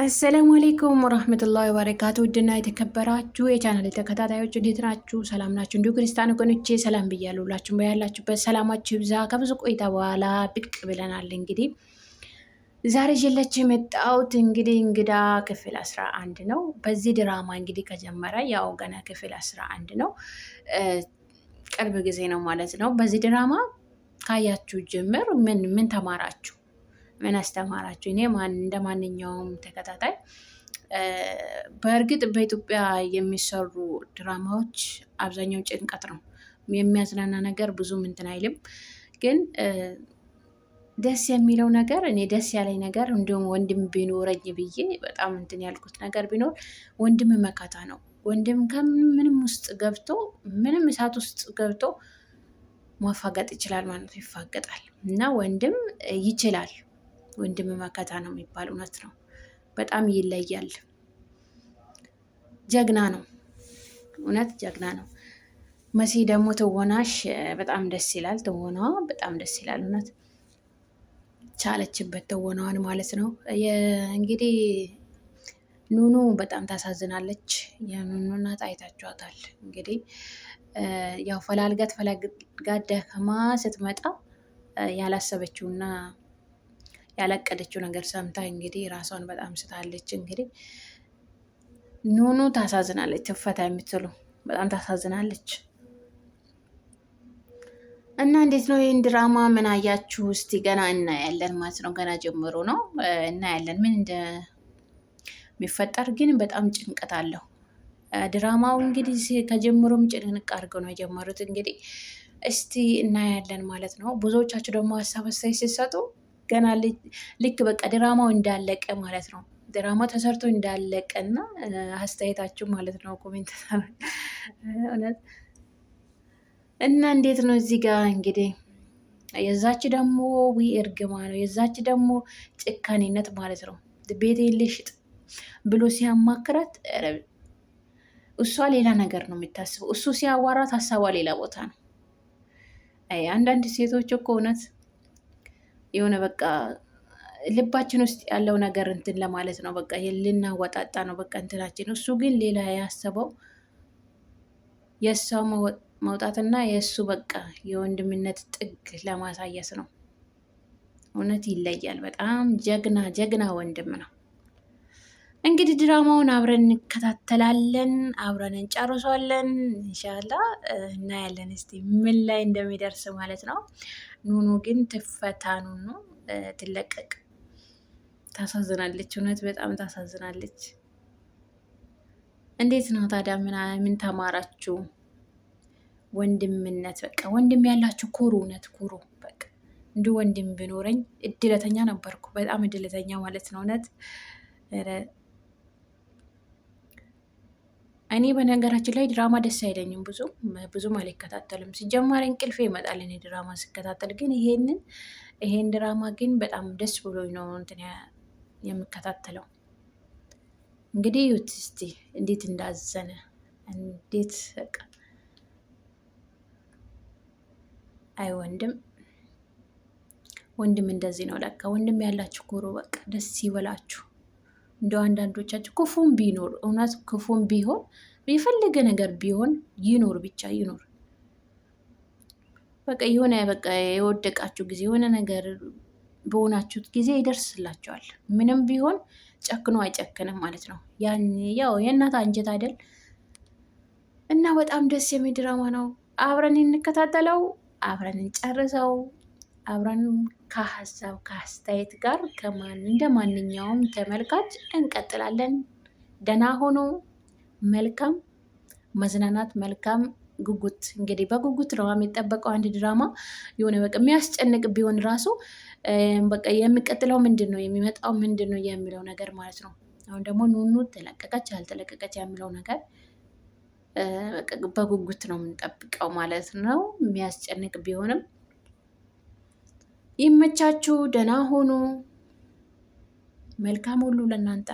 አሰላሙ አሌይኩም ወረህመቱላሂ ወበረካቱ። ውድና የተከበራችሁ የቻናል ተከታታዮች እንዴት ናችሁ? ሰላም ናችሁ? እንዲሁ ክርስቲያን ወገኖቼ ሰላም ብያለሁ። ሁላችሁም በያላችሁበት ሰላማችሁ ይብዛ። ከብዙ ቆይታ በኋላ ብቅ ብለናል። እንግዲህ ዛሬ ይዤላችሁ የመጣሁት እንግዲህ እንግዳ ክፍል አስራ አንድ ነው። በዚህ ድራማ እንግዲህ ከጀመረ ያው ገና ክፍል አስራ አንድ ነው፣ ቅርብ ጊዜ ነው ማለት ነው። በዚህ ድራማ ካያችሁ ጅምር ምን ምን ተማራችሁ? ምን አስተማራችሁ? እኔ እንደ ማንኛውም ተከታታይ በእርግጥ በኢትዮጵያ የሚሰሩ ድራማዎች አብዛኛው ጭንቀት ነው። የሚያዝናና ነገር ብዙም እንትን አይልም። ግን ደስ የሚለው ነገር እኔ ደስ ያለኝ ነገር እንዲሁም ወንድም ቢኖረኝ ብዬ በጣም እንትን ያልኩት ነገር ቢኖር ወንድም መካታ ነው። ወንድም ከምንም ውስጥ ገብቶ ምንም እሳት ውስጥ ገብቶ ማፋገጥ ይችላል ማለት ይፋገጣል እና ወንድም ይችላል ወንድም መከታ ነው የሚባል እውነት ነው። በጣም ይለያል። ጀግና ነው፣ እውነት ጀግና ነው። መሲ ደግሞ ትወናሽ በጣም ደስ ይላል። ትወናዋ በጣም ደስ ይላል። እውነት ቻለችበት ትወናዋን ማለት ነው። እንግዲህ ኑኑ በጣም ታሳዝናለች። የኑኑ እናት አይታችኋታል። እንግዲህ ያው ፈላልጋት ፈላልጋ ደከማ ስትመጣ ያላሰበችውና ያለቀደችው ነገር ሰምታ እንግዲህ ራሷን በጣም ስታለች። እንግዲህ ኑኑ ታሳዝናለች። ትፈታ የምትሉ በጣም ታሳዝናለች። እና እንዴት ነው ይህን ድራማ ምን አያችሁ? እስቲ ገና እናያለን ማለት ነው። ገና ጀምሮ ነው እናያለን ምን እንደሚፈጠር ግን በጣም ጭንቀት አለው ድራማው። እንግዲህ ከጀምሮም ጭንቅ አድርገው ነው የጀመሩት። እንግዲህ እስቲ እናያለን ማለት ነው። ብዙዎቻችሁ ደግሞ ሀሳብ አስተያየት ሲሰጡ ገና ልክ በቃ ድራማው እንዳለቀ ማለት ነው ድራማ ተሰርቶ እንዳለቀ እና አስተያየታችሁ ማለት ነው ኮሜንት እውነት እና እንዴት ነው እዚህ ጋር እንግዲህ የዛች ደግሞ ዊ እርግማ ነው የዛች ደግሞ ጭካኔነት ማለት ነው ቤቴን ልሽጥ ብሎ ሲያማክራት እሷ ሌላ ነገር ነው የምታስበው። እሱ ሲያዋራት ሀሳቧ ሌላ ቦታ ነው። አንዳንድ ሴቶች እኮ እውነት የሆነ በቃ ልባችን ውስጥ ያለው ነገር እንትን ለማለት ነው። በቃ ልናወጣጣ ነው በቃ እንትናችን። እሱ ግን ሌላ ያሰበው የእሷ መውጣትና የእሱ በቃ የወንድምነት ጥግ ለማሳየት ነው። እውነት ይለያል። በጣም ጀግና ጀግና ወንድም ነው። እንግዲህ ድራማውን አብረን እንከታተላለን፣ አብረን እንጨርሷለን። እንሻላ እናያለን እስቲ ምን ላይ እንደሚደርስ ማለት ነው። ኑኑ ግን ትፈታ፣ ኑኑ ትለቀቅ። ታሳዝናለች፣ እውነት በጣም ታሳዝናለች። እንዴት ነው ታዲያ? ምን ተማራችሁ? ወንድምነት በቃ ወንድም ያላችሁ ኩሩ፣ እውነት ኩሩ። በቃ እንዲህ ወንድም ብኖረኝ እድለተኛ ነበርኩ፣ በጣም እድለተኛ ማለት ነው እውነት እኔ በነገራችን ላይ ድራማ ደስ አይለኝም፣ ብዙ ብዙም አልከታተልም። ሲጀማር እንቅልፌ ይመጣል እኔ ድራማ ስከታተል። ግን ይሄንን ይሄን ድራማ ግን በጣም ደስ ብሎኝ ነው እንትን የምከታተለው። እንግዲህ እዩት እስቲ እንዴት እንዳዘነ እንዴት በቃ አይ ወንድም ወንድም እንደዚህ ነው ለካ። ወንድም ያላችሁ ኮሮ በቃ ደስ ይበላችሁ። እንደ አንዳንዶቻቸው ክፉም ቢኖር እውነት ክፉም ቢሆን የፈለገ ነገር ቢሆን ይኖር ብቻ ይኖር በቃ የሆነ በቃ የወደቃችሁ ጊዜ የሆነ ነገር በሆናችሁት ጊዜ ይደርስላቸዋል። ምንም ቢሆን ጨክኖ አይጨክንም ማለት ነው። ያን ያው የእናት አንጀት አይደል እና በጣም ደስ የሚል ድራማ ነው። አብረን እንከታተለው፣ አብረን እንጨርሰው። አብረን ከሀሳብ ከአስተያየት ጋር ከማን እንደ ማንኛውም ተመልካች እንቀጥላለን። ደህና ሆኖ መልካም መዝናናት መልካም ጉጉት እንግዲህ በጉጉት ነው የሚጠበቀው። አንድ ድራማ የሆነ በቃ የሚያስጨንቅ ቢሆን ራሱ በቃ የሚቀጥለው ምንድን ነው የሚመጣው ምንድን ነው የሚለው ነገር ማለት ነው። አሁን ደግሞ ኑኑ ተለቀቀች አልተለቀቀች የሚለው ነገር በጉጉት ነው የምንጠብቀው ማለት ነው። የሚያስጨንቅ ቢሆንም ይመቻችሁ፣ ደህና ሁኑ። መልካም ሁሉ ለእናንተ